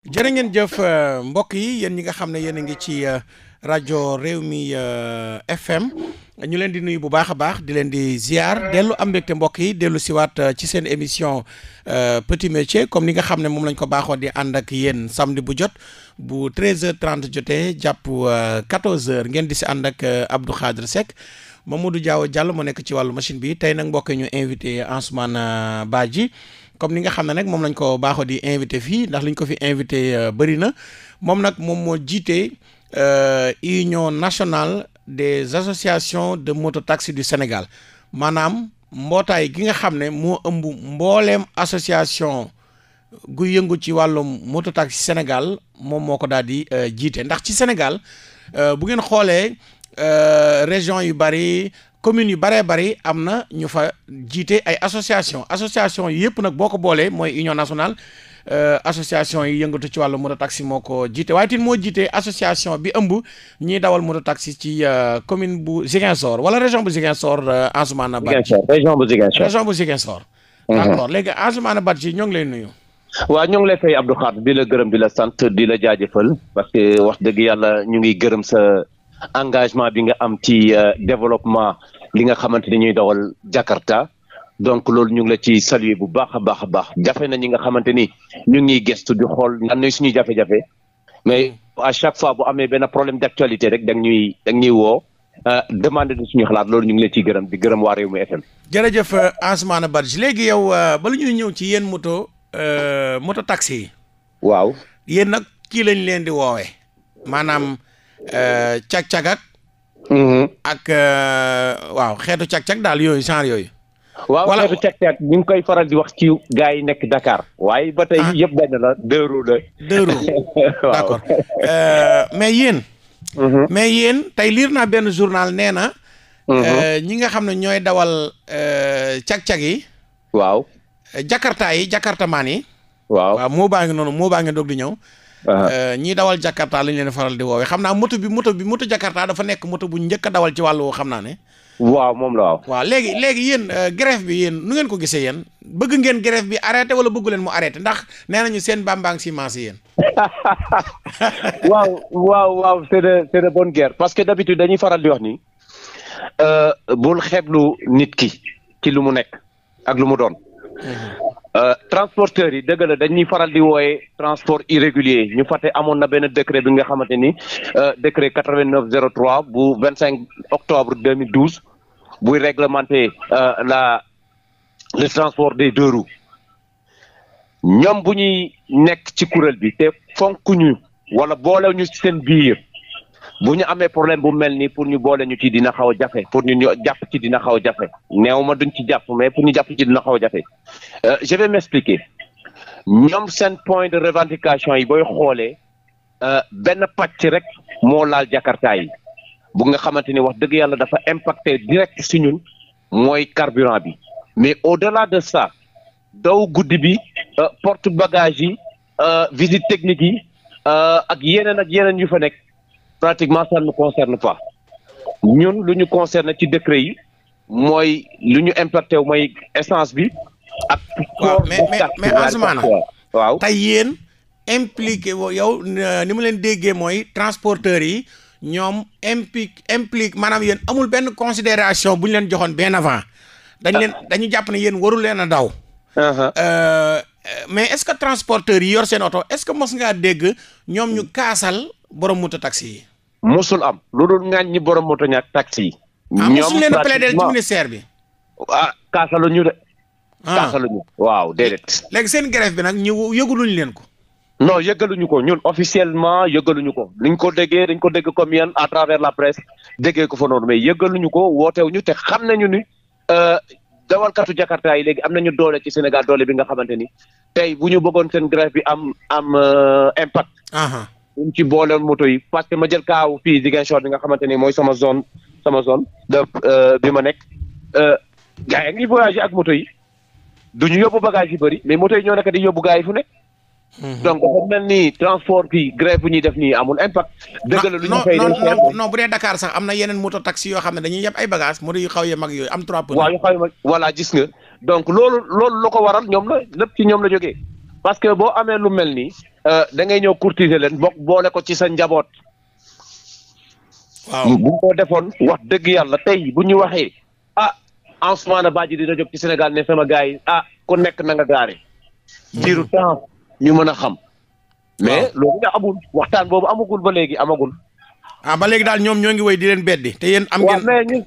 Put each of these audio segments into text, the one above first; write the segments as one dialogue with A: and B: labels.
A: jërë ngeen jëf euh, mbokk yi yéen ñi nga xam ne yéen a ngi ci euh, rajo réew mi euh, FM ñu leen di nuyu bu baax a baax di leen di ziar dellu am mbégte mbokk yi dellu siwaat ci seen émission petit métier comme li nga xam ne moom lañ ko baaxoo di ànd ak yéen samedi bu jot bu 13h30 jotee jàpp 14 ngeen di si ànd ak Abdou moom Seck du Diaw Diallo mu nekk ci wàllu machine bi tey nag mbokk ñu invité Ansoumana Badji comme ni nga xam ne nag moom lañ ko baaxoo di invité fii ndax liñ ko fi invité euh, bëri na moom nag moom moo jiite euh, union nationale des associations de moto mototaxi du Sénégal maanaam mbootaay gi nga xam ne moo ëmb mbooleem association gu yëngu ci wàllum mototaxi Sénégal moom moo ko daal di euh, jiite ndax ci Sénégal bu ngeen xoolee région yu bari communes yu baree bari am na ñu fa jiite ay association association yi yëpp nag boo ko boolee mooy union nationale euh, association yi yëngatu ci wàllu moto taxi moo ko jiite waaye tamit moo jiite association bi ëmb ñuy dawal moto taxi ci euh, commune bu Ziguinchor wala région bu Ziguinchor euh, Ansoumana Badji
B: région bu Ziguinchor région
A: bu Ziguinchor mhm. d'accord léegi Ansoumana Badji ñoo ngi lay nuyu waaw ñoo ngi lay fay
B: Abdou Khadre di la gërëm di la sant di la jaajëfal parce que wax dëgg yàlla ñu ngi gërëm sa engagement bi nga am ci euh, développement li nga xamante ni ñuy dawal Jakarta donc loolu ñu ngi la ci saluer bu baax a baax a baax jafe na ñi nga xamante ni ñu ngi gestu di xool nan ñuy suñuy jafe-jafe mais à chaque fois bu amee benn problème d'actualité rek dang ñuy da ñuy woo euh, demande na suñu xalaat loolu ñu ngi la ciy gërëm di gërëm waa Rewmi FM.
A: jërëjëf euh, a Badji léegi yow bala ñuy ñëw ci yéen moto moto taxi yi. waaw yéen nag kii lañ leen di woowee Euh, cag-cag ak. Mm-hmm. ak euh, waaw xeetu cag-cag daal yooyu genre yooyu. waaw xeetu
B: cag-cag ñu ngi koy faral di wax ci gars yi nekk
A: dakaar waaye ba tey ah. yëpp benn la deux roues la. d'accord euh, mais yéen. Mm-hmm. mais yéen tey liir naa benn journal nee na. Mm-hmm. ñi nga xam ne ñooy dawal cag-cag yi. waaw. jakarta yi maan yi. waaw waaw moo baa ngi noonu moo baa ngi doog di ñëw. Euh, ñii dawal Jakarta lañ leen faral di woowee xam naa moto bi moto bi moto Jakarta dafa nekk moto bu njëkk a dawal ci wàllu xam naa ne. waaw moom la waaw. waaw léegi léegi yéen euh, grève bi yéen nu ngeen ko gisee yéen bëgg ngeen grève bi arrêté wala bëggu leen mu arrêté ndax nee ñu seen bambang ciment si yéen.
B: waaw waaw waaw c'est de c'est guerre parce que d'habitude dañuy faral di wax ni euh, bul xeeblu nit ki ci lu mu nekk ak lu mu doon. Mhm. Euh, transporteurs yi dëgg la dañuy faral di wooye transport irrégulier ñu fàtte amoon na benn décret bi nga xamante ni euh, décret quatre vingt neuf zéro trois bu vingt cinq octobre deux mille douze buy réglementer euh, la le transport des deux roues ñoom bu ñuy nekk ci kuréel bi te fonkuñu wala boolewuñu ci seen biir bu ñu amee problème bu mel nii pour ñu boole ñu ci dina xaw a jafe pour ñu jàpp ci dina xaw a jafe néew ma duñ jàpp mais pour ñu jàpp ci dina euh, je vais m'expliquer ñoom seen point de revendication yi booy xoolee euh, benn pàcc rek moo laal jakarta yi bu nga xamante ni wax dëgg yàlla dafa impacté direct si ñun mooy carburant bi mais au-delà de ça daw guddi bi euh, porte bagage yi visite technique yi ak yeneen ak yeneen yu fa nekk. pratiquement ça ne nous concerne pas ñun lu ñu concerne ci décret yi mooy lu ñu impacté wu mooy essence
A: bi ak waaw mais mais Ansoumana waaw tey yéen impliqué woo yow euh, ni mu leen déggee mooy transporteurs yi ñoom implique implique maanaam yéen amul benn considération bu ñu leen joxoon benn avant dañ leen dañu jàpp ne yéen warul leen a daw uh-huh. euh, euh, mais est-ce que transporteurs yi yor seen oto est-ce que mos ngaa dégg ñoom ñu kaasal borom moto taxi yi mosul am lu dul ngaañ ñi borom
B: moto ñaak taxi yi. Ah, ñoom leen plaider ci ministère
A: bi. ah kaasalu ñu de.
B: Ah. kaasalu ñu waaw déedéet.
A: léegi seen grève bi nag ñu yëguluñ leen ko. non yëgaluñu ko ñun
B: officiellement yëgaluñu ko niñ ko déggee dañ ko dégg comme yéen à travers la presse déggee ko fa noonu mais yëgaluñu ko wootewuñu te xam nañu ni euh, dawalkatu Jakarta yi léegi am nañu doole ci Sénégal doole bi nga xamante ni tey bu ñu bëggoon seen grève bi am am euh, impact. ñu ci boole moto yi parce que ma jël kaaw fii Ziguinchor bi nga xamante mooy sama zone sama zone euh, bi ma nekk euh, gars yi ngi voyagé ak moto yi du ñu yóbbu bagage yu bëri mais moto yi ñoo nekk di yóbbu gars yi fu nekk. Mhm. donc dafa ni
A: transport bi grève bu ñuy def nii amul impact. dëgg la lu ñu fay non non bu dee Dakar sax am na yeneen moto taxi yoo xam ne dañuy yeb ay bagage moto yu xaw ye mag yooyu am trois pneus. waaw yu xaw ye mag voilà gis nga donc loolu loolu la ko waral ñoom la lépp ci ñoom la jógee. parce que boo amee lu mel nii euh,
B: da ngay ñëw courtiser leen bokk boole ko ci sa njaboot. waaw mm, bu ko defoon wax dëgg yàlla tey bu ñu waxee ah Ansoumana Badji dina jóg ci Sénégal ne sama gars yi ah ku nekk na nga gaare. jiiru mm. temps ñu mën a xam. mais loolu nga amul waxtaan boobu amagul ba léegi amagul. ah ba léegi daal ñoom ñoo ngi woy di leen beddi te yéen am ngeen.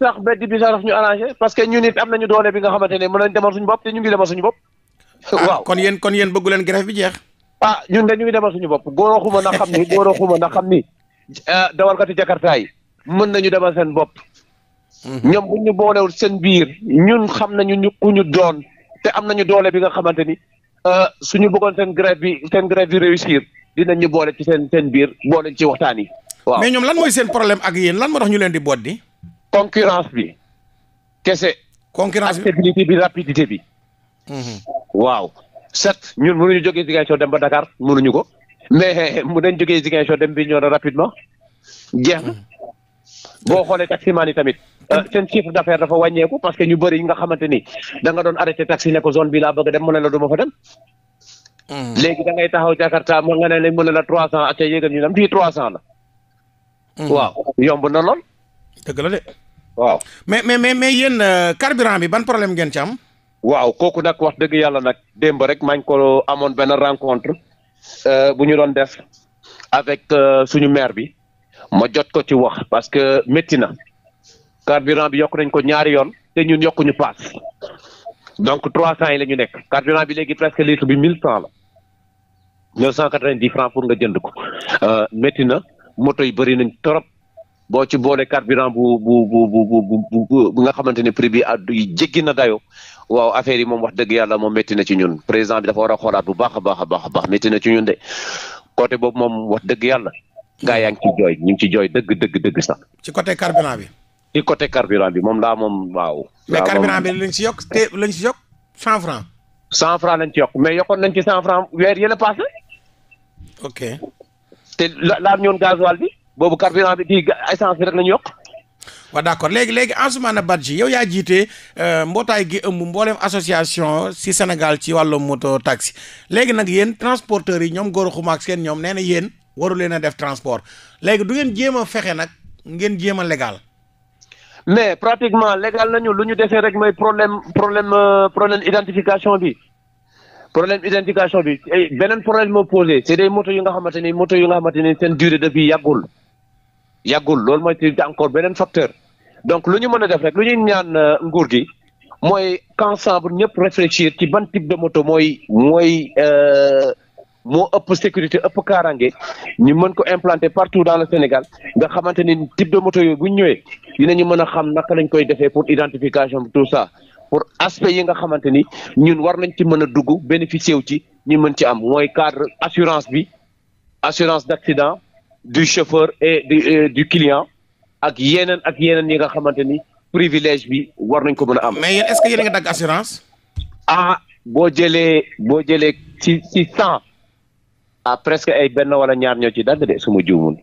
B: ñu doole bi nga xamante ne mën nañ demal suñu bopp te ñu ngi demal suñu bopp. Ah, waaw kon yéen kon yéen bëggu leen grève bi jeex. ah ñun de ñu ngi demal suñu bopp góoroxuma na xam ni góoroxuma na xam ni ah, dawalkati jakarta yi mën nañu demal seen bopp. Mhm. ñoom bu ñu boolewul seen biir ñun xam nañu ñu ku ñu doon te am nañu doole bi nga xamante ni ah, suñu bëggoon seen grève bi seen grève bi réussir
A: dinañ ñu boole ci seen seen biir boole ci waxtaan yi. mais ñoom lan mooy seen problème ak yéen lan moo tax ñu leen di boot di. concurrence bi kese. concurrence bi stabilité bi rapidité bi.
B: Mm-hmm. waaw certes ñun mënuñu jógee Ziguinchor dem ba Dakar ñu ko mais mu dañ jógee Ziguinchor dem bi ñoo na rapidement jeex na mm-hmm. boo xoolee taximaan yi tamit euh, mm-hmm. seen chiffre d'affaires dafa wàññeeku parce que ñu bëri yi nga xamante ni da nga doon arrêté taxi ne zone bi laa bëgg a dem mu ne la du ma fa dem léegi da ngay taxaw Jakarta mu nga ne la
A: mu ne la trois cent acca yéegal ñu dem fii trois cent la waaw yomb na lool dëgg la de waaw mais mais mais mais yéen euh, carburant bi ban problème ngeen ci am waaw
B: kooku nag wax dëgg yàlla nag démb rek maa ngi ko amoon benn rencontre euh, bu ñu doon def avec euh, suñu maire bi ma jot ko ci wax parce que métti na carburant bi yokk nañ ko ñaari yoon te ñu yokkuñu paas donc trois cent yi la ñu nekk carburant bi léegi presque litre bi mille franc la neuf cent quatre-vingt-dix franc pour nga jënd ko euh, métti na moto yi bëri nañ trop boo ci boolee carburant bu bu bu bu bu bu nga xamante ne prix bi jéggi na dayo waaw affaire yi moom wax dëgg yàlla moom métti na ci ñun président bi dafa war a xoolaat bu baax a baax a baax a na ci ñun de côté boobu moom wax dëgg yàlla gaa yaa ngi ci jooy ñu ngi ci jooy dëgg dëgg dëgg sax.
A: ci côté carburant
B: bi. ci côté carburant bi moom laa moom waaw. mais carburant bi
A: lañ si yokk te lañ si yokk
B: cent franc. cent franc lañ ci yokk mais yokkoon nañ ci cent franc weer yële paase. ok.
A: te la laal ñoon waal bi boobu carburant bi di essence bi rek lañu yokk. waaw d' accord léegi léegi Ansoumana Badji yow yaa jiite euh, mbootaay gi ëmb mboolem association si senegal ci wàllum moto taxi léegi nag yéen transporteurs yi ñoom góor xumaak seen ñoom nee na yéen waru leen a def transport léegi du ngeen jéem a fexe nag ngeen jéem a légal.
B: mais pratiquement légal nañu lu ñu defee rek mooy problème problème euh, problème identification bi problème identification bi beneen problème moo posé c' moto yi nga xamante ni moto yu nga xamante ni seen durée de vie yàggul. yàggul loolu mooy ci encore beneen facteur donc lu ñu mën a def rek lu ñuy ñaan euh, nguur gi mooy qu'ensemble ñëpp réfléchir ci ban type de moto mooy mooy euh, moo ëpp sécurité ëpp kaaraange ñu mën ko implanter partout dans le Sénégal nga xamante ni type de moto yooyu bu ñu ñëwee dinañu mën a xam naka lañ koy defee pour identification bi tout ça pour aspect yi nga xamante ni ñun war nañ ci mën a dugg bénéficier wu ci ñu mën ci am mooy cadre assurance bi assurance d'accident du chauffeur et du, client ak yeneen ak yeneen yi nga xamante ni privilège bi war nañ ko mën a am. mais yéen est-ce que
A: yéen dagg assurance.
B: ah boo jëlee boo jëlee ci ci cent ah presque ay benn wala ñaar ñoo ci dagg de suma juumul.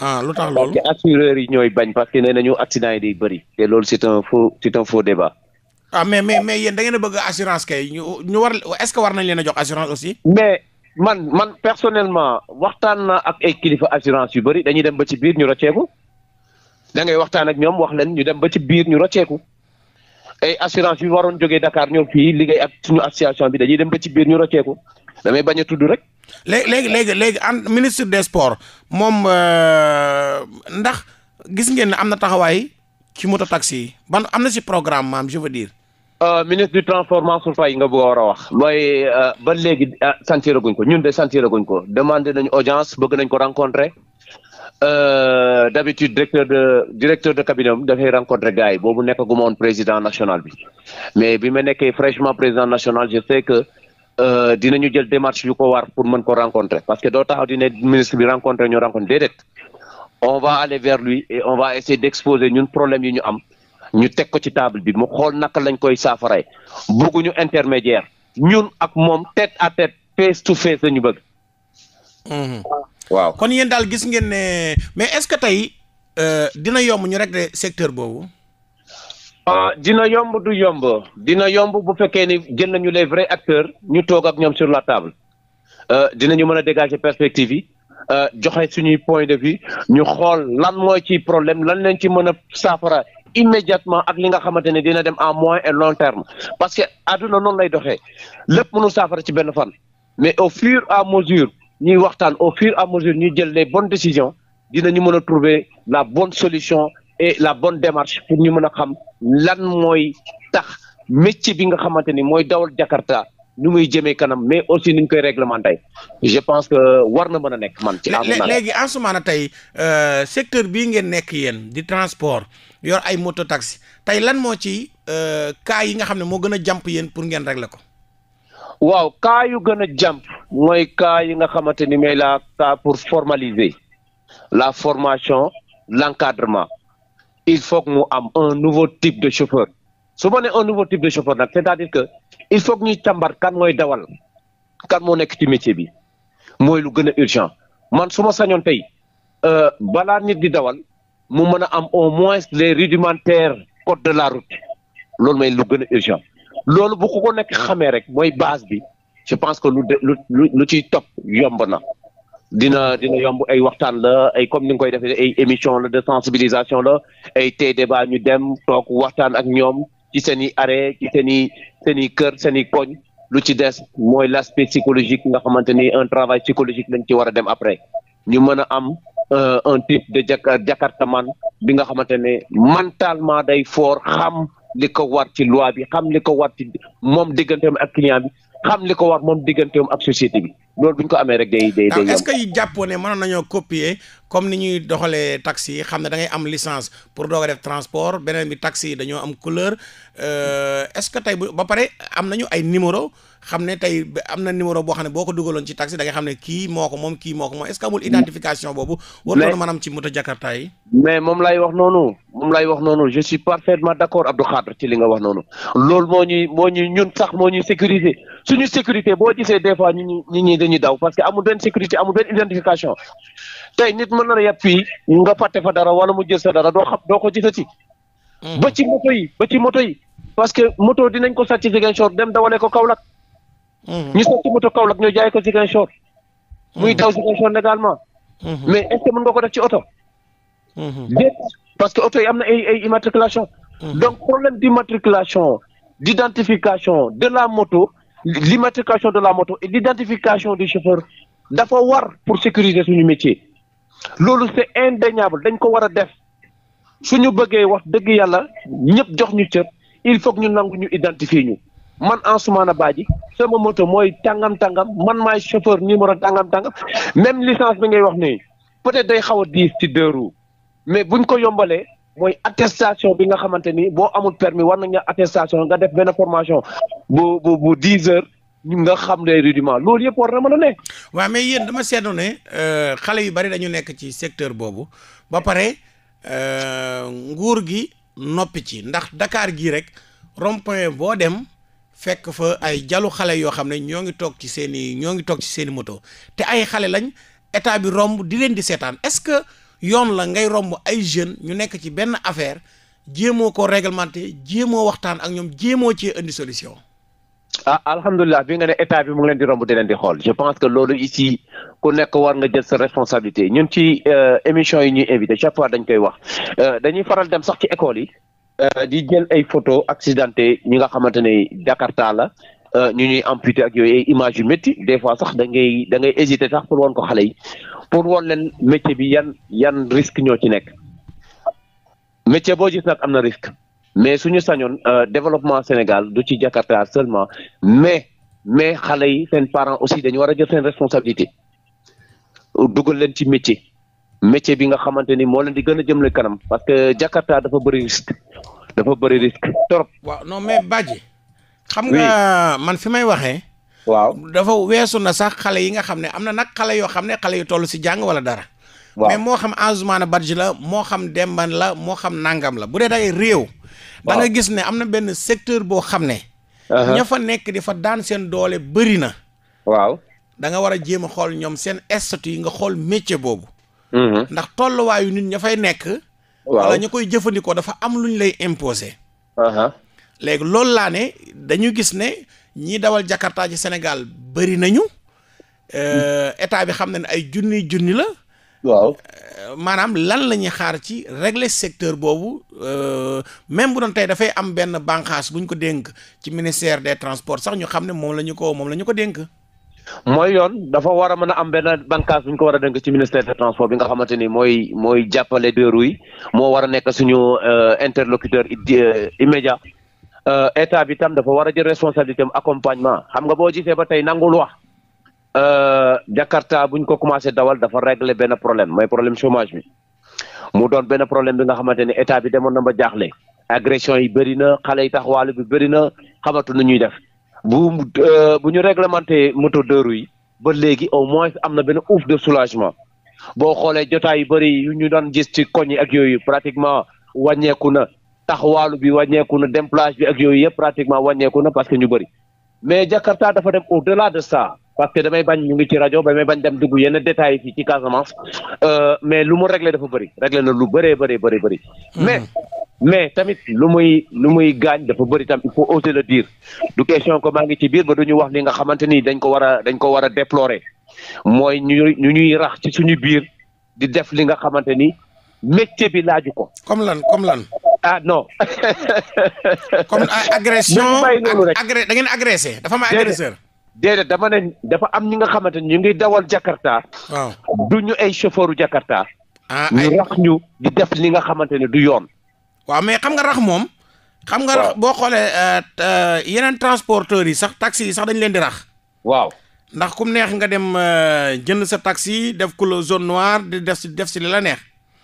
B: ah lu tax loolu parce yi ñooy bañ parce que nee nañu accident yi day bëri. te loolu c'est un faux c'est un faux débat.
A: ah mais mais mais yéen da bëgg assurance kay ñu ñu war est-ce que war nañ leen a jox assurance aussi. mais man man personnellement
B: waxtaan na ak ay kilifa assurance yu bëri dañuy dem ba ci biir ñu rocceeku da ngay waxtaan ak ñoom wax leen ñu dem ba ci biir ñu rocceeku ay assurance yu waroon jógee Dakar ñoom fii
A: liggéey ak suñu association bi dañuy dem ba ci biir ñu rocceeku damay bañ a tudd rek. léegi léegi léegi an ministre des sports moom euh, ndax gis ngeen ne am na taxawaay ci moto taxi yi ban am na si programme maam je veux dire. Euh, ministre du transformation
B: fay nga bëgg a war a wax mooy euh, ba léegi euh, sentir guñ ko ñun de sentir guñ ko demandé nañu audience bëgg nañ ko rencontrer d'habitude directeur de directeur de cabinet am dafay rencontrer gars yi boobu nekk gu ma président national bi mais bi ma nekkee fraîchement président national je sais que dinañu jël démarche yu ko war pour mën ko rencontrer parce que doo tax di ne ministre bi rencontrer ñu rencontre déedéet on va aller vers lui et ñun problème yi ñu am ñu teg ko ci table bi mu xool naka lañ koy saafaraay bëgguñu
A: intermédiaire ñun ak moom tête à tête face to face la bëgg. Mhm. waaw kon yéen daal gis ngeen ne mais est-ce que tey euh, dina yomb ñu régler secteur boobu. Ah, dina yomb du yomb dina yomb bu fekkee
B: ni jël nañu les vrais acteurs ñu toog ak ñoom sur la table euh, dinañu mën a dégager perspective yi euh, joxe suñuy point de vue ñu xool lan mooy ci problème lan lañ ci mën a saafara immédiatement ak li nga xamante ne dina dem à moyen et long terme parce que àdduna noonu lay doxee lépp mënu saafara ci benn fan mais au fur à mesure ñuy waxtaan au fur et à mesure ñuy jël les bonnes décisions dinañu mën a trouver la bonne solution et la bonne démarche pour ñu mën a xam lan mooy tax métier bi nga xamante ni mooy dawal Jakarta nu muy jëmee kanam mais aussi ni ñu koy réglementé je pense que war na mën a nekk man. ci àdduna léegi
A: Ansoumana tey euh, secteur bii ngeen nekk yéen di transport yor ay moto taxi tey lan moo ci euh, cas yi nga xam ne moo gën a jàmp yéen pour ngeen régler ko. waaw cas yu gën a jàmp mooy cas yi nga xamante ni mais la
B: cas pour formaliser la formation l' il faut mu am un nouveau type de chauffeur. su ma ne un nouveau type de chauffeur nag que il faut ñuy càmbar kan mooy dawal kan moo nekk ci métier bi mooy lu gën a urgent man su ma sañoon tey euh, balaa nit di dawal mu mën a am au moins les rudimentaires code de la route loolu mooy lu gën a urgent loolu bu ko ko nekk xamee rek mooy base bi je pense que lu lu lu ciy topp yomb na dina dina yomb ay waxtaan la ay comme ni nga koy defee ay émission la de sensibilisation la ay tey débat ñu dem toog waxtaan ak ñoom ci seen i arrêt ci seen i kër seen i koñ lu ci des mooy l'aspect psychologique nga xamante ni un travail psychologique lañ ci war a dem après ñu mën a am euh, un type de jakartaman bi nga xamante ne mentalement day fort xam li ko war ci loi bi xam li ko war ci moom digganteem ak client bi xam li ko war moom digganteem ak société bi loolu bu ñu ko amee rek day day day. est-ce que
A: yi jàppoo ne mënoon nañoo copier comme ni ñuy doxalee taxi yi xam ne da ngay am licence pour doog a def transport beneen bi taxi yi dañoo am couleur euh, est-ce que tey bu ba pare am nañu ay numéro xam ne tey am na numéro boo xam ne boo ko dugaloon ci taxi da nga xam ne kii moo ko moom kii moo ko moom est-ce que amul identification boobu. mais waruloon maanaam ci moto Jakarta yi.
B: mais moom lay wax noonu. moom lay wax noonu je suis parfaitement d'accord Abdou Khadre ci li nga wax noonu loolu moo ñuy moo ñuy ñun sax moo ñuy sécuriser. suñu sécurité boo gisee des fois ñu ñi ñi dañuy daw parce que amul benn sécurité amul benn identification tey nit mën na la yàpp nga fàtte fa dara wala mu jël sa dara doo xam doo ko gisati hmm. ba ci moto yi ba ci moto yi parce que moto dinañ ko sàcc Ziguinchor dem dawale ko Kaolack hmm. ñu sàcc moto Kaolack ñu jaay ko Ziguinchor hmm. muy daw Ziguinchor légalement mais est-ce que nga ko def ci oto parce que oto yi am na ay ay immatriculation donc problème d'immatriculation d'identification de la moto l'immatriculation de la moto et l'identification du chauffeur dafa war pour sécuriser suñu métier loolu c'est indéniable dañ ko war a def suñu bëggee wax dëgg yàlla ñëpp jox ñu cër il faut ñu nangu ñu identifier ñu man a Badji sama moto mooy tàngam-tàngam man maay chauffeur numéro tàngam-tàngam même licence bi ngay wax nii peut-être day xaw a diis ci deux mais buñ ko yombalee mooy attestation bi nga xamante ni boo amul permis war nañu attestation nga def benn formation bu
A: bu bu dix heures nga xam les rudiments loolu yëpp war na mën a ne. waaw mais yéen dama seetlu ne euh, xale yu bari dañu nekk ci secteur boobu ba pare euh, nguur gi noppi ci ndax Dakar gii rek rond boo dem. fekk fa ay jalu xale yoo xam ne ñoo ngi toog ci seen i ñoo ngi toog ci seen i moto te ay xale lañ état bi romb di leen di seetaan est-ce que yoon la ngay romb ay jeunes ñu nekk ci benn affaire jéemoo ko réglementé jéemoo waxtaan ak ñoom jéemoo ci indi solution.
B: ah alhamdulilah bi nga ne état bi mu ngi leen di romb di leen di xool je pense que loolu ici ku nekk war nga jël sa responsabilité ñun ci euh, émission yi ñuy invité chaque fois dañ koy wax euh, dañuy faral dem sax ci école yi. Euh, di jël ay photo accidenté ñi nga xamante ne Jakarta la. Euh, ñu ñuy amputé ak yooyu ay image yu métti des fois sax da ngay da ngay hésité sax pour woon ko xale yi pour woon leen métier bi yan yan risque ñoo ci nekk métier boo gis nag am na risque mais suñu sañoon euh, développement Sénégal du ci Jakarta seulement mais mais xale yi seen parent aussi dañu war a jël seen responsabilité dugal leen ci métier métier bi nga xamante ni moo leen di gën a jëmale kanam parce que Jakarta
A: dafa bëri risque dafa bëri risque trop. waaw xam nga man fi may waxee. waaw dafa weesu na sax xale yi nga xam ne am na nag xale yoo xam ne xale yu toll si jàng wala dara. waaw moo xam Ansoumana Badji la moo xam Demban la moo xam nangam la bu dee day réew. da nga gis ne am na benn secteur boo xam ne. Uh-huh. ña fa nekk di fa daan seen doole bëri na. waaw da nga war a jéem a xool ñoom seen statut yi nga xool métier boobu. Mm-hmm. ndax tolluwaayu nit ña fay nekk. waaw wala ñu koy jëfandikoo dafa am lu ñu lay imposer. Uh-huh. léegi loolu laa ne dañu gis ne ñi dawal Jakarta ci Sénégal bëri nañu euh, état bi xam na ne ay junni junni la waaw euh, maanaam lan la ñuy xaar ci regle secteur boobu euh, même bu doon tey dafay am benn bànqaas buñ ko dénk ci ministère de transports sax ñu xam ne moom la ñu ko moom la ñu ko dénk mooy yoon dafa war a mën a am benn bànqaas bu
B: ko war a dénk ci ministère des transports bi nga xamante ni mooy mooy jàppale deux roues yi moo war a nekk suñu interlocuteur immédiat Euh, état bi tam dafa war a jël responsabilité am accompagnement xam nga boo gisee ba tey nangul wax euh, Jakarta buñ ko commencé dawal dafa régler benn problème mooy problème chômage bi mu doon benn problème bi nga xamante ne état bi demoon na ba jaaxle agression yi bëri na xale yi tax taxawaalu bi bëri na xamatu nu ñuy def bu euh, bu ñu réglementé moto de rue yi ba léegi au moins am na benn ouf de soulagement boo xoolee jotaay yu bëri yu ñu doon gis ci koñ yi ak yooyu pratiquement wàññeeku na tax taxawaalu bi wàññeeku na dem plage bi ak yooyu yëpp pratiquement wàññeeku na parce que ñu bëri mais Jakarta dafa dem au delà de ça parce que damay bañ ñu ngi ci rajo damay bañ dem dugg yenn détails fii ci Casamance euh, mais lu mu réglé dafa bëri réglé na lu bëree bëri bëri bëri. Hmm. mais mais tamit lu muy lu muy gaañ dafa bëri tam il faut oser le dire du question ko maa ngi ci biir ba du ñu wax li nga xamante ni dañ ko war a dañ ko war a déplorer mooy ñu ñu ñuy rax ci suñu biir di def li nga xamante ni métier bi laaju ko. comme lan comme lan. ah non. comme agression agré da ngeen agressé dafa ma agresseur. déedéet dama dafa am ñi nga xamante ni ñu ngi dawal Jakarta.
A: du ñu ay chauffeuru Jakarta. ah ay rax ñu di def ni nga xamante ne du yoon. waaw mais xam nga rax moom. xam nga rax boo xoolee euh, euh, yeneen transporteurs yi sax taxi sax dañ leen di rax. waaw ndax kum neex nga dem euh, jënd sa taxi def ko la zone noire di def si def si li la neex.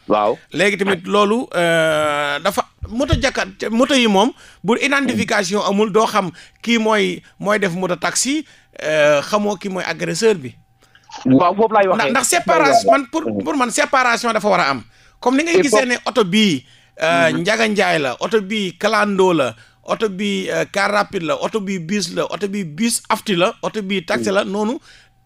A: waaw léegi tamit loolu euh, dafa moto jàkkaat moto yi moom bu identification amul doo xam kii mooy mooy def moto taxi euh, xamoo kii mooy agresseur bi. waaw foofu laay waxee ndax séparation man pour pour man séparation dafa war a am. comme ni nga gisee ne oto bii. Euh, mhm. Njaga Njaay la oto bi clando oto bi car rapide la oto bi bisla oto bii bis afti la oto bii taxi la mhm. noonu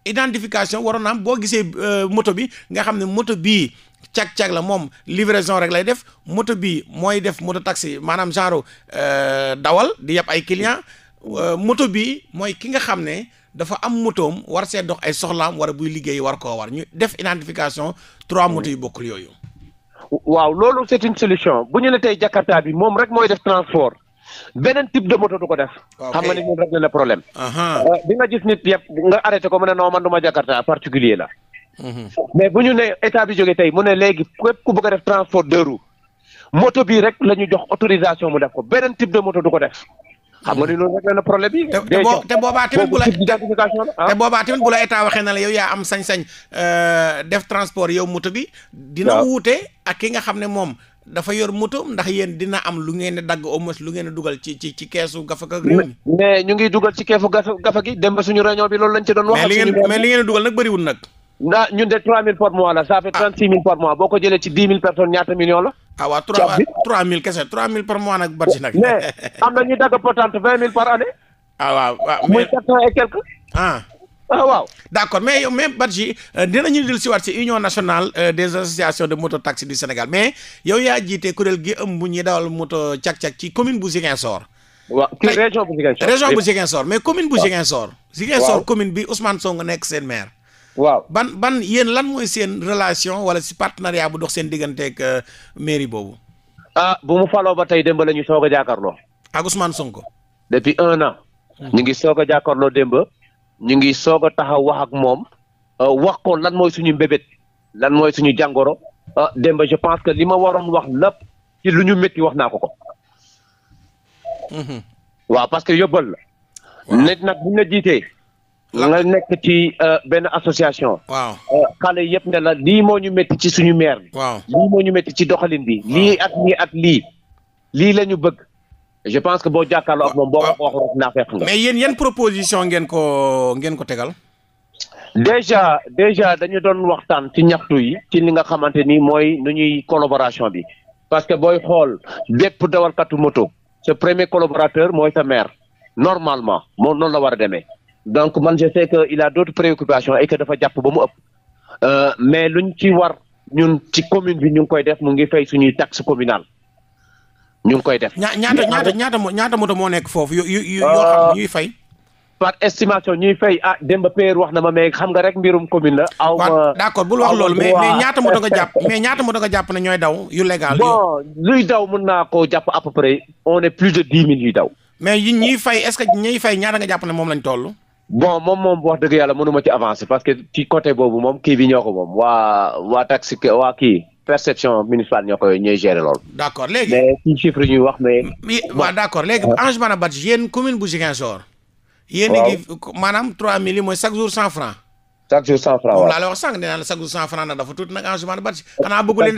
A: identification waroon boo gisee moto bi nga xam ne moto bii. cag-cag la moom livraison rek lay def moto bi mooy def moto taxi maanaam genre euh, dawal di yeb ay client euh, moto bi mooy ki nga xam ne dafa am motoom war see dox ay soxlaam war a buy liggéey war koo war ñu def identification trois moto yu bokkul yooyu waaw loolu c'est une solution bu ñu la
B: tey Jakarta bi moom rek mooy def transport beneen type de moto du ko def. xam na la problème. Euh, di nga gis nit yëpp ko mu ne non man du ma Jakarta particulier la. Mm-hmm. mais bu ñu nee état bi jógee tey mu ne léegi képp ku bëgg def transport deux moto bi
A: rek la ñu jox autorisation mu def ko beneen type de moto du ko def. xam nga ni loolu rek la bi. te te boobaa tamit bu la ah. te boobaa tamit bu la état waxee na la yow yaa am sañ-sañ euh, def transport yow moto bi. dina wuute ak ki nga xam ne moom. dafa yor moto ndax yéen dina am lu ngeen di dagg au moins lu ngeen dugal ci ci ci keesu gafa ga réew mi mais ñu ngi dugal ci keesu gafa gafa gi dem ba lañ ci doon wax. mais li ngeen dugal nag bëriwul nag. ndaa ñun de 3000 par mois la ça fait 36000 ah. par mois boo ko jëlee ci 10 000 personnes ñaata million la. ah waaw 3 3000 kese 3000 par mois nag bari nag. mais am na ñuy dagg potente 20000 par année. ah waaw waaw mais muy 400 et quelque. ah. ah waaw d' accord mais yow même Badji euh, dinañu dil si waat si union nationale euh, des associations de moto taxi du Sénégal mais yow yaa jiite kuréel gi ëmb ñuy dawal moto càq-càq ci commune bu Ziguinchor. waaw ci région bu Ziguinchor. région bu commune bu Ziguinchor. waaw Ziguinchor bi Ousmane Sonko nekk seen maire. waaw ban ban yéen lan mooy seen relation wala si partenariat bu dox seen digganteeg euh, mairie boobu. ah bu mu faloo ba tey démb la ñu soog a jàkkaarloo. ak Ousmane Sonko. depuis un an.
B: ñu ngi soog a jàkkaarloo démb. ñu ngi soog a taxaw wax ak moom. Euh, wax ko lan mooy suñu mbébét. lan mooy suñu jàngoro. ah démb je pense que li ma waroon wax lépp ci lu ñu métti wax naa ko ko. Mhm. waaw parce que yóbbal la. nit nag bu ñu jiitee. nga nekk ci euh, benn association. waaw euh, xale yëpp ne la lii moo ñu métti ci suñu maire bi. waaw lii moo ñu métti ci doxalin bi. lii ak lii ak lii lii lañu bëgg. je pense que boo jàkkaarloo ak moom boo wax wax naa fekk nga. mais yéen yan
A: proposition ngeen ko ngeen ko tegal. déjà déjà dañu doon
B: waxtaan ci ñaxtu yi ci li nga xamante ni mooy nu ñuy collaboration bi parce que booy xool bépp dawalkatu moto sa premier collaborateur mooy sa maire normalement moom noonu la war a demee. donc man je sais que il a d'autres préoccupations et que dafa jàpp ba mu ëpp euh, mais lu ñu ci war ñun ci commune bi ñu ngi koy def mu ngi fay suñuy taxe communale ñu ngi koy def. ñaata ñaata ñaata ñaata moto moo nekk foofu yu yu euh, yoo xam ñuy fay. par estimation ñuy fay ah Demba Péer wax na ma mais xam nga rek mbirum commune la. aw d'accord bul wax loolu mais ñaata moto nga jàpp mais
A: ñaata moto nga jàpp ne ñooy daw
B: yu légal. bon luy daw mën naa koo jàpp à peu près on est plus de dix mille yuy daw.
A: mais yi ñuy fay est-ce que ñuy fay ñaata jàpp ne moom lañ toll.
B: bon moom moom wax dëgg yàlla mënuma ci avancer parce que ci côté boobu moom kii bi ñoo ko moom waa waa taxi waa kii perception municipale ñoo koy ñooy gérer lool. d' accord léegi mais ci chiffre ñuy wax mais. waaw
A: d' accord léegi Ange Marie Bart yéen commune bu Ziguinchor. yéen a ngi maanaam 3000 yi mooy chaque jour 100 francs chaque jour 100 francs waaw laa wax sànq nee la chaque jour 100 francs nag dafa tuuti nag Ange Marie Bart xanaa bëggu leen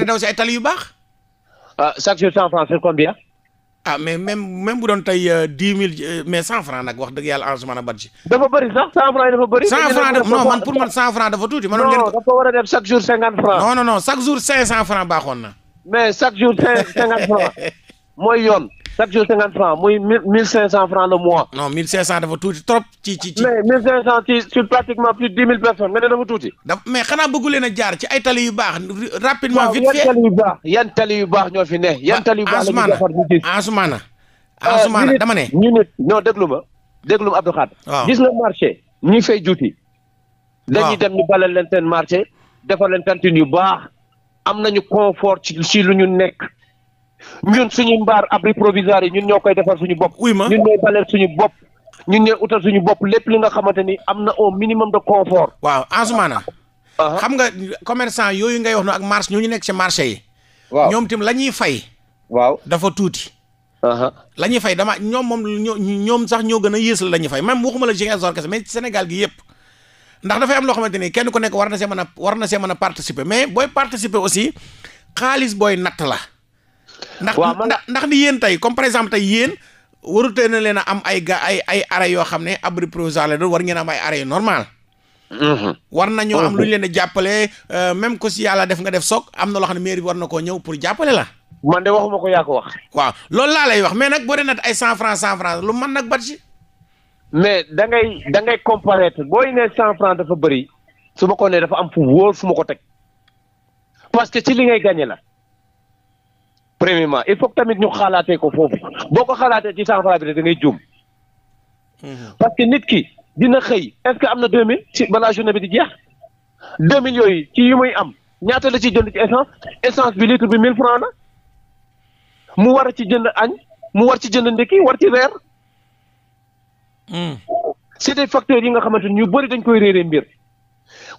A: ah mais même même bu doon tey euh, dix mille euh, mais cent franc nag wax dëgg yàlla Ansoumana Badji. dafa bëri sax cent franc yi dafa bëri. cent franc dafa non man man cent franc dafa tuuti. mënoon ngeen ko dafa war a def chaque jour cinquante franc. non non non chaque jour cinq cent franc baaxoon na. chaque jour cinquante franc muy mille cinq cent franc le mois. non mille cinq cent dafa tuuti trop. ci ci ci mais mille cinq cent ci sur pratiquement plus de dix mille personnes nga ne dafa tuuti. da mais xanaa bëggu leen a jaar ci ay tali yu baax. rapidement vite fait waaw yan tali yu baax. yan tali yu baax ñoo fi ne. yan tali yu baax la ñuy defar ñu gis Ansoumana euh, Ansoumana dama ne. ñu nit non déglu ma déglu ma Abdou Khadre.
B: waaw gis nga marché ñi fay juuti. dañuy dem ñu balal leen seen marché defar leen cantine yu baax am nañu confort ci ci lu ñu nekk. ñun suñu mbaar abri provisoire yi ñun ñoo koy defar suñu bopp. ñun ñooy baleel suñu bopp. ñun ñooy utal
A: suñu bopp lépp li nga xamante ni am na au minimum de confort. waaw Ansoumana. Ah, ah. xam nga commerçant yooyu nga wax noonu ak marché ñoo ñu nekk ci marché yi. waaw ñoom itam la ñuy fay. waaw dafa tuuti. Ah, la ñuy fay dama ñoom moom ñoom sax ñoo gën a yées la la fay même waxuma la Ziguinchor kese mais Sénégal gi yëpp. ndax dafay am loo xamante ni kenn ku nekk war na see mën a war na see mën a participer mais booy participer aussi xaalis booy natt la ndax ndax ni yéen tey comme par exemple tey yéen warutee na leen a am ay ga ay ay arrêt yoo xam ne abri provisoire la doon war ngeen am ay arrêt yu normal mm-hmm. war nañoo am mm-hmm. lu ñu leen di jàppale euh, même que si yàlla def nga def soog am na loo xam ne mairie bi war na koo ñëw pour jàppale la man de waxuma ko yaa ko wax waaw loolu laa lay wax mais nag boo dee nag ay cent franc cent franc lu man nag bat si mais da ngay da ngay comparer booy ne cent franc dafa bëri su ma ko ne dafa am fu wóor fu ma ko
B: teg parce que ci li ngay gagné la premièrement il faut tamit ñu xalaatee ko foofu boo ko xalaatee ci cent franc bi da ngay juum. Mhm. parce que nit ki dina xëy est-ce que am na deux mille ci balaa journée bi di jeex deux mille yooyu ci yi muy am ñaata la ci jënd ci essence essence bi litre bi mille franc la mu war a ci jënd añ mu war ci jënd ndekki war ci reer. Mhm. c'est des facteurs yi nga xamante ni ñu bëri dañ koy réeree mbir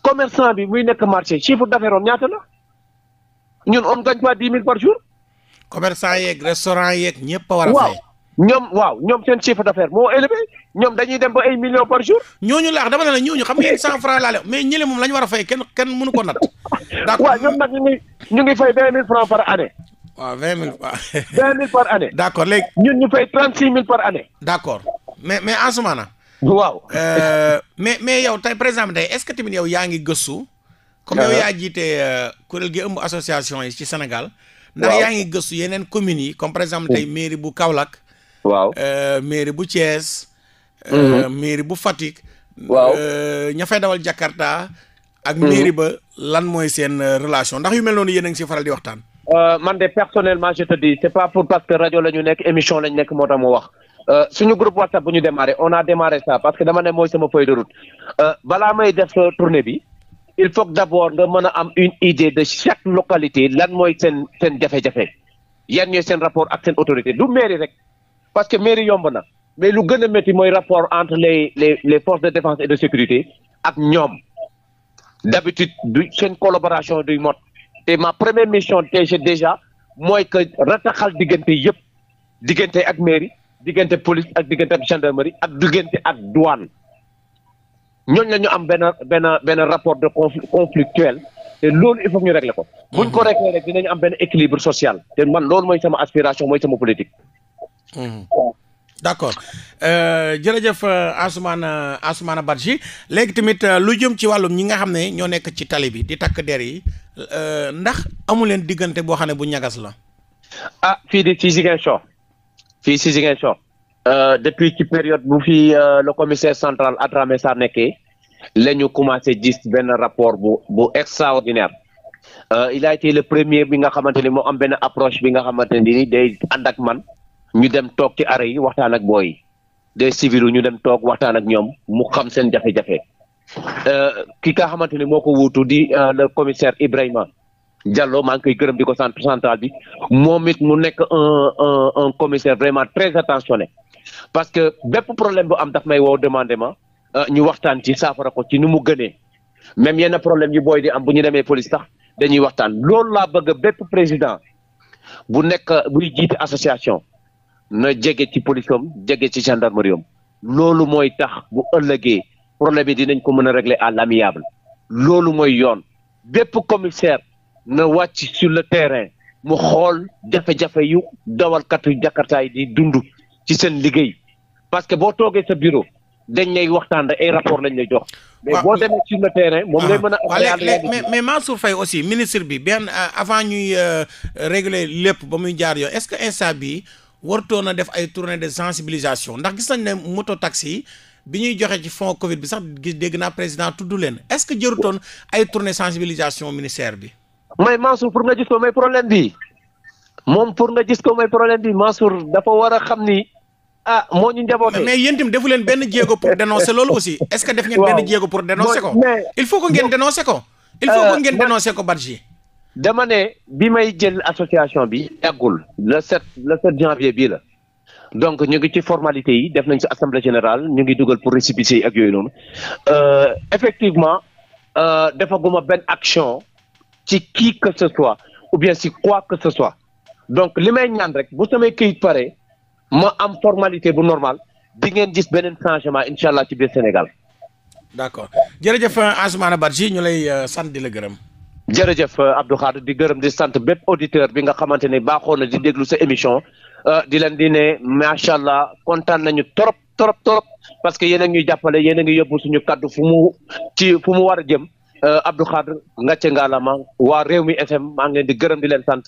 B: commerçant bi muy nekk marché ci d'affaires am ñaata la ñun on gagne pas dix mille par jour. commerçant yeeg
A: restaurant yeeg ñëpp a war a fay. ñoom waaw ñoom seen chiffre d'affaires moo élevé ñoom dañuy dem ba ay millions par jour. ñooñu laax dama ne la ñu xam ngeen cent mais ñële moom la ñu war a fay kenn ko natt. d'accord ñu ngi ñu ngi fay vingt mille francs par année. waaw vingt mille vingt mille par année. d'accord léegi ñun ñu fay trente mais en ce moment waaw euh, mais mais yow tey par exemple tey est-ce que tamit yow yaa ngi gëstu. comme yow euh. yaa jiite euh, kuréel gi ëmb association yi ci Sénégal. ndax yaa ngi gëstu yeneen communes yi comme par exemple tey mm. mairie bu Kaolack. waaw euh, mairie bu Thiès. Euh, mm-hmm. mairie bu Fatick. waaw euh, ña fay dawal Jakarta. ak mm-hmm. mairie ba lan mooy seen relation ndax yu mel noonu yéen a ngi si faral di waxtaan. man de
B: personnellement je te dis c'est pas pour parce que rajo la ñu nekk émission lañ nekk moo tax mu wax. suñu groupe WhatsApp bu ñu démarré on a démarré ça parce que dama ne mooy sama feuille de route balaa may def tournée bi. il faut que d'abord nga mën a am une idée de chaque localité lan mooy seen seen jafe-jafe yan ñooy seen rapport ak seen autorité du mairie rek parce que mairie yomb na mais lu gën a métti mooy rapport entre les les les forces de défense et de sécurité ak ñoom d'habitude du seen collaboration du mot te ma première mission déjà déjà mooy que rataxal diggante yëpp diggante ak mairie diggante police ak diggante ak gendarmerie ak diggante ak douane ñooñ la ñu am benn benn benn rapport de conflictuel te loolu i faut ñu régler ko buñ ko mhm. rek dinañu am benn équilibre social te man loolu mooy sama aspiration mooy sama politique
A: mhm. d' accord euh, jërëjëf Assoumana euh, Assoumana euh, Badji léegi tamit lu jëm ci wàllum ñi nga xam ne ñoo nekk ci tali bi di takk der yi ndax amu leen diggante boo xam ne bu ñagas la ah fii di ci Ziguinchor fii ci Ziguinchor Euh, depuis ci période bu fi euh, le commissaire
B: central Adrame Sarr nekkee la ñu commencé gis benn rapport bu bu extraordinaire euh, il a été le premier bi nga xamante ni moo am benn approche bi nga xamante ni day ànd ak man ñu dem toog ci arrêt yi waxtaan ak booy des civils ñu dem toog waxtaan ak ñoom mu xam seen jafe-jafe ki nga xamante ni moo ko wuutu di le commissaire Ibrahima Diallo maa ngi koy gërëm di ko centre central bi moom it mu nekk un un un commissaire vraiment très attentionné. parce que bépp problème bu am daf may woo demandé ma euh, ñu waxtaan ci saafara ko ci nu mu gënee même yenn problème yi booy di am bu ñu demee police sax dañuy waxtaan loolu laa bëgg bépp président bu nekk euh, buy jiite association na jege ci police am jege ci gendarmerie am loolu mooy tax bu ëllëgee problème yi dinañ ko mën a régler à l'amiable loolu mooy yoon bépp commissaire na wàcc sur le terrain mu xool jafe-jafe yu dawalkatu jakartaay di dund ci seen liggéey parce que boo toogee sa bureau dañ lay waxtaan rek ay rapport lañ lay jox. mais boo demee sur le terrain moom ngay ah. mën a. am mais
A: mais Mansour Faye aussi ministre bi benn euh, avant ñuy euh, régler lépp ba muy jaar yoon est-ce que instant bi wartoon na def ay tournée de sensibilisation ndax gis nañ ne moto taxi bi ñuy joxe ci fond Covid bi sax gis dégg naa président tudd leen est-ce que jërutoon ay tournée sensibilisation ministère bi. mais Mansour pour nga gis bi moom pour nga gis ah moo ñu njabootee. mais yéen itam defu leen benn jéego pour dénoncer loolu aussi est ce que def ngeen benn jéego pour dénoncer ko. il faut ngeen dénoncer ko. Euh, ngeen
B: dénoncer ko Badji. dama ne bi may jël association bi yàggul le sept le sept janvier bii la. donc ñu ngi ci formalité yi def nañ si assemblée générale ñu ngi dugal pour récépissé yi ak yooyu noonu euh, effectivement euh, defaguma benn action ci qui que ce soit ou bien si quoi que ce soit donc li may ñaan rek bu samay këyit pare ma am formalité bu normal di ngeen gis beneen changement incha allah ci biir Sénégal.
A: d' accord jërëjëf euh, Asmana Badji ñu lay euh, sant di la gërëm.
B: jërëjëf euh, Abdou Khadre di gërëm di sant bépp auditeur bi nga xamante ne baaxoo na di déglu sa émission di leen di ne macha allah kontaan nañu trop trop trop parce que yéen a ngi jàppale yéen a ngi yóbbu suñu kaddu fu mu ci fu mu war a jëm Abdou Khadre ngàcce ngaalama waa Réew mi FM maa ngi leen di gërëm di leen sant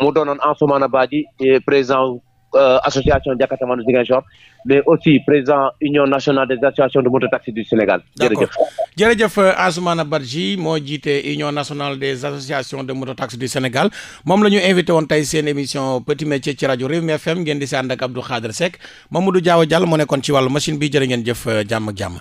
B: mu doonoon Asmana Badji président. Euh, association Jakartaman Ziguinchor mais aussi président union nationale des associations de mototaxi du Sénégal. jërëjëf
A: jërëjëf euh, Assoumana Badji moo jiite union nationale des associations de mototaxi du Sénégal moom la ñu invité woon tey seen émission petit métier ci rajo Rewmi FM ngeen di si ànd ak Abdou Khadre Seck Mamadou Diaw Diallo moo nekkoon ci wàllu machine bi jërë ngeen jëf euh, jàmm ak
B: jàmm.